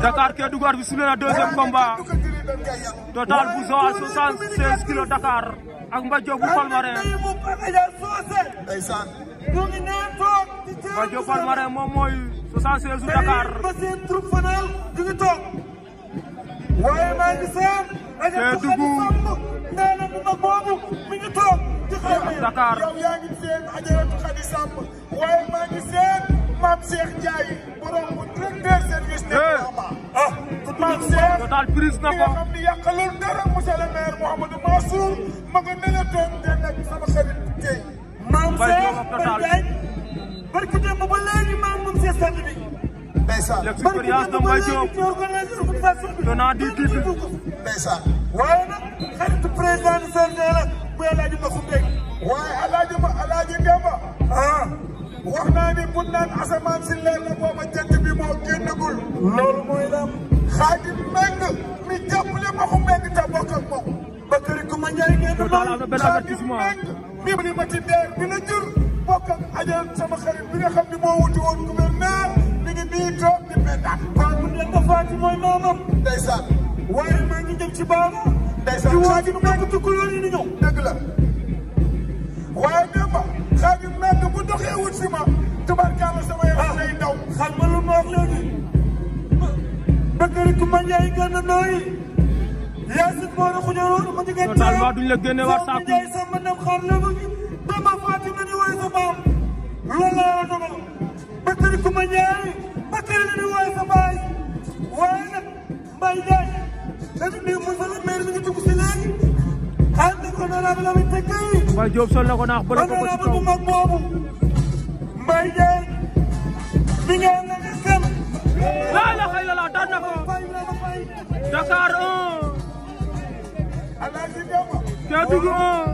Dakar Kédougou arbitre sifflé na deuxième combat Total bu Joal 76 kilos Dakar ak Mbaye bu Palmarin Mbaye Diop Palmarin moom mooy Dakar Kédougou Dakar waaye maa ngi seen nga daal prise na ko nga xam ni yàqalul dara monsieur le maire Mouhamadou Mansour ma nga ne la toog den ak sama xarit Guèye. maam Seex Badiane barki démb ba léegi maam moom Seex sant bi. ndeysaan l'expérience de Mbaye Diop donnant du titre. ndeysaan waaye nag xaritu président de CNG la bu Alaaji Masou Guèye. waaye Alaaji ma Alaaji Demba ah. wax naa ni bu naan asamaan si leer la booba jant bi moo génnagul. loolu mooy lam Khadim Mbengue mi jàppale Maxu Mbengue te bokk ak moom ba kër ma ñëwee ngeen lool Khadim Mbengue mi bari ma ci deer bi la jur bokk sama xarit bi nga xam ne moo wuti woon gouverneur mi ngi nii di pendaan kon bu leen ko faati mooy maamam ndeysaan waaye maa ngi jëm ci baama ndeysaan di waajur Mbengue tukulóor yi di bu doxee wut si ma tubarkaala sama yaram lay ah. daw xam nga lu ma Bakary Coumba Ndiaye gànna nooyi. Yacine Boore Khoudiaro ma njëkk a. totalement duñ la génne war saako Ndiaye sàmm la bëgg. dama Fatim la ñu woy sa maam. la la dogal. Bakary Coumba Ndiaye Bakary la ñu woy sa baay. waaye nag Mbaye Ndiaye. dafa ne Moussa la maire mi ngi dugg si léegi. ànd la Lamine Seck yi. waaye Diop sol na ko naax bële ko ko ci kaw honorable bu mag boobu. Mbaye Ndiaye mi ngi daan na ko Dakar 1 Kédougou 1